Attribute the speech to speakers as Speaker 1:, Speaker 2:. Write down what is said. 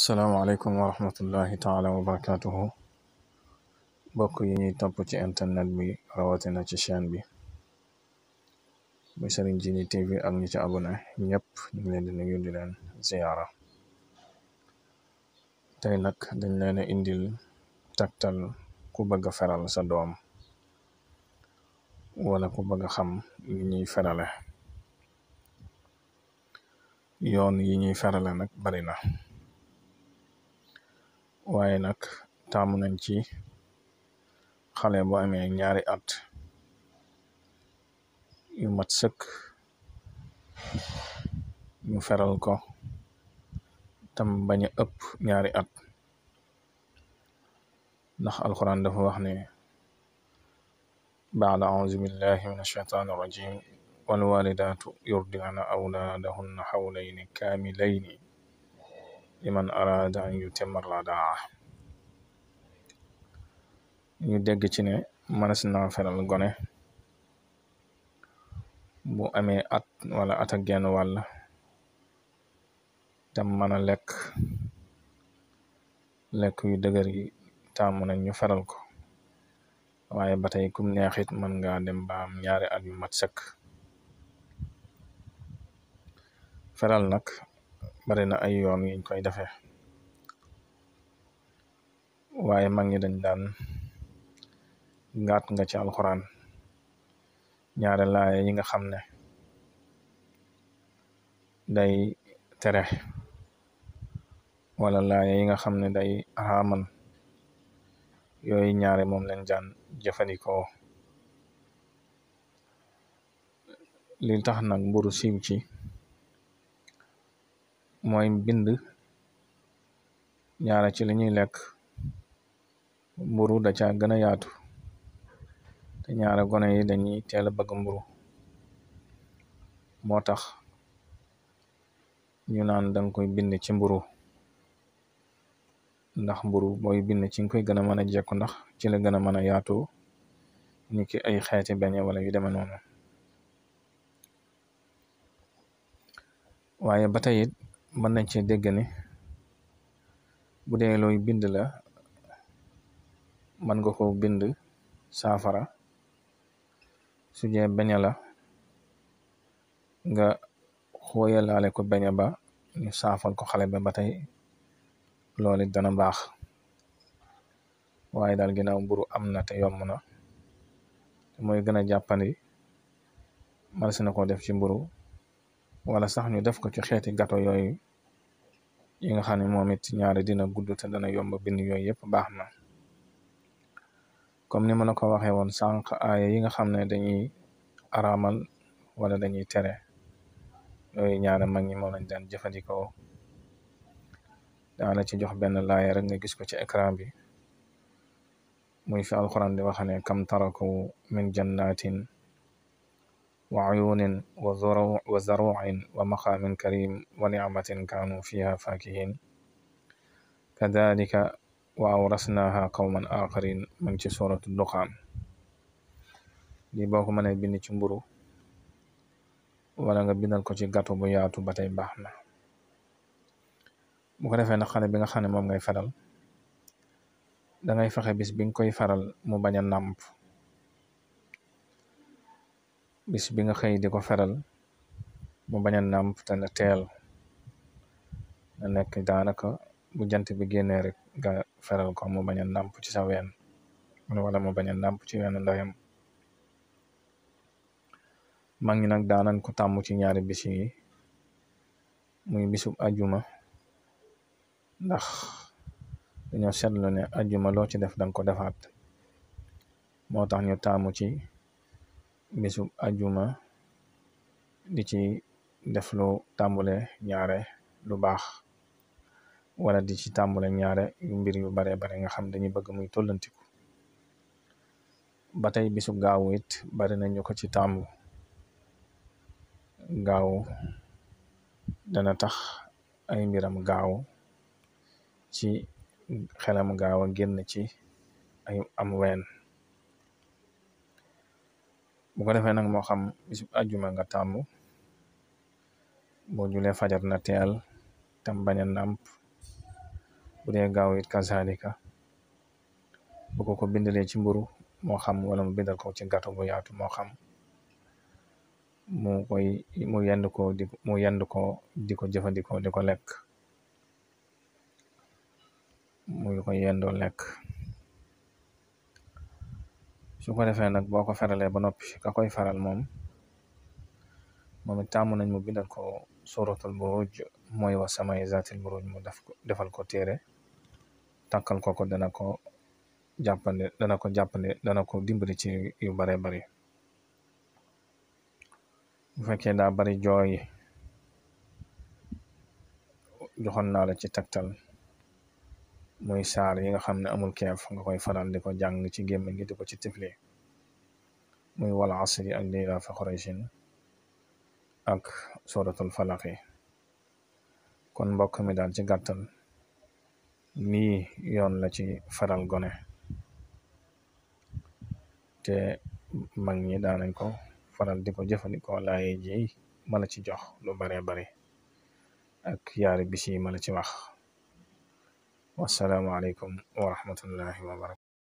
Speaker 1: asalaamaaleykum wa rahmatullahi taala wa barakatuhu mbokk yi ñuy topp ci internet bi rawatina ci chaîne bi muy Serigne Djily TV ak ñi ci abonné ñëpp ñu ngi leen di nuyu di leen ziyaara tey nag dañ leen indil taktal ku bëgg a feral sa doom wala ku bëgg a xam li ñuy ferale yoon yi ñuy ferale nag bari na waaye nag taamu nañ ci xale bu amee ñaari at yu mat sëkk ñu feral ko tam bañ a ñaari at ndax alxuraan dafa wax ne baada auzu billahi min ashaytaani rajim wal walidatu yurdicna awlaadahunna xawlayni kaamilayni liman araada an yutimma radaa ñu dégg ci ne mënees na feral gone bu amee at wala at ak genn tam mën a lekk lekk yu dëgër yi tàmm nañ ñu feral ko waaye ba tey kum neexit mën nga dem ba am ñaari at yu mat sek feral nag bari na ay yoon yiñ koy defee waaye mag ñi dañ daan ngaat nga ci alxuraan ñaare laaya yi nga xam ne day tere wala laaya yi nga xam ne day araamal yooyu ñaare moom lañ daan jëfandikoo li tax nag mburu siiw ci mooy mbind ñaara ci lañuy lekk mburu da ca gëna yaatu te ñaara gone yi dañuy teela bëgg mburu moo tax ñu naan dan koy bind ci mburu ndax mburu booy bind ci nga koy gën a mën a jekku ndax ci la gën a mën a yaatoo ni ki ay xeeti beñe wala yu deme noonu waaye ba tey mën nañ cee dégg ne bu dee looy bind la mën nga ko bind saafara su dee la nga xooyalaale ko beñe ba ñu saafal ko xale ba ba tey loolu dana baax waaye daal ginnaaw mburu am na te yomb na te mooy gën a jàppandi mën si ko def ci mburu wala sax ñu def ko ci xeeti gato yooyu yi nga xam ne moom it ñaari dina gudd te dana yomb bind yooyu yëpp baax na comme ni ma la ko waxee woon sànq aaya yi nga xam ne dañuy aramal wala dañuy tere yooyu ñaari mag ñi moom lañ daan jëfandikoo daana ci jox benn laaya rek nga gis ko ci écran bi muy fi alxuraan di wax ne kam taraku min jannatin وعيون وزروع, وزروع ومقام كريم ونعمة كانوا فيها فاكهين كذلك وأورثناها قوما آخرين من سورة الدخان lii boo ko mënee bind ci mburu wala nga bindal ko ci gàttu bu yaatu ba tey na bu ko defee nag xale bi nga xam ne moom ngay faral dangay fexe bis bi nga koy faral mu bañ a nàmp bis bi nga xëy di ko feral mu bañ a nàmp te na teel na nekk daanaka bu jant bi génnee rek nga feral ko mu bañ a nàmp ci sa ween wala mu bañ a nàmp ci weenu ndeyam mag ñi nag daanan ko tàmm ci ñaari bis yi muy bisub ajuma ndax dañoo seetlu ne ajuma loo ci def danga ko defaat moo tax ñu taamu ci bésub ajuma di ci def lu tàmbule ñaare lu baax wala di ci tàmbule ñaare yu mbir yu bare bare nga xam dañuy bëgg muy tollantiku ba tey bisu gaaw it bari nañu ko ci tàmbu gaaw dana tax ay mbiram gaaw ci xelam gaaw a génn ci ay am ween bu ko defee nag moo xam bisub ajjuma nga tàmm boo julee fajar na teel tam bañ a nàmp bu dee gaaw it kasaalika bu ko ko bindalee ci mburu moo xam wala mu bindal ko ci gàtto bu yaatu moo xam mu koy mu yend ko di mu yend ko di ko jëfandikoo di ko lekk muy ko yendoo lekk su ko defee nag boo ko feralee ba noppi ka koy faral moom moom it tàmm nañ mu bindal ko suratul buruj mooy wa samay zaatil buruj mu def ko defal ko téere takkal ko ko dana ko jàppande dana ko jàppande dana ko dimbali ci yu bare bari bu fekkee daa bari jooy joxoon naa la ci taktal muy saar yi nga xam ne amul keef nga koy faral di ko jàng ci gémmiñ gi di ko ci tifli muy wal asri ak li ilaafi qurayshin ak suratul falaqi kon mbokk mi daal ci gàttal nii yoon la ci faral gone te mag ñi daanañ ko faral di ko jëfandikoo laaye ji mala ci jox lu bare bare ak yaari bis yi mala ci wax wassalaamu aleykum wa rahmatullahi wa barakatu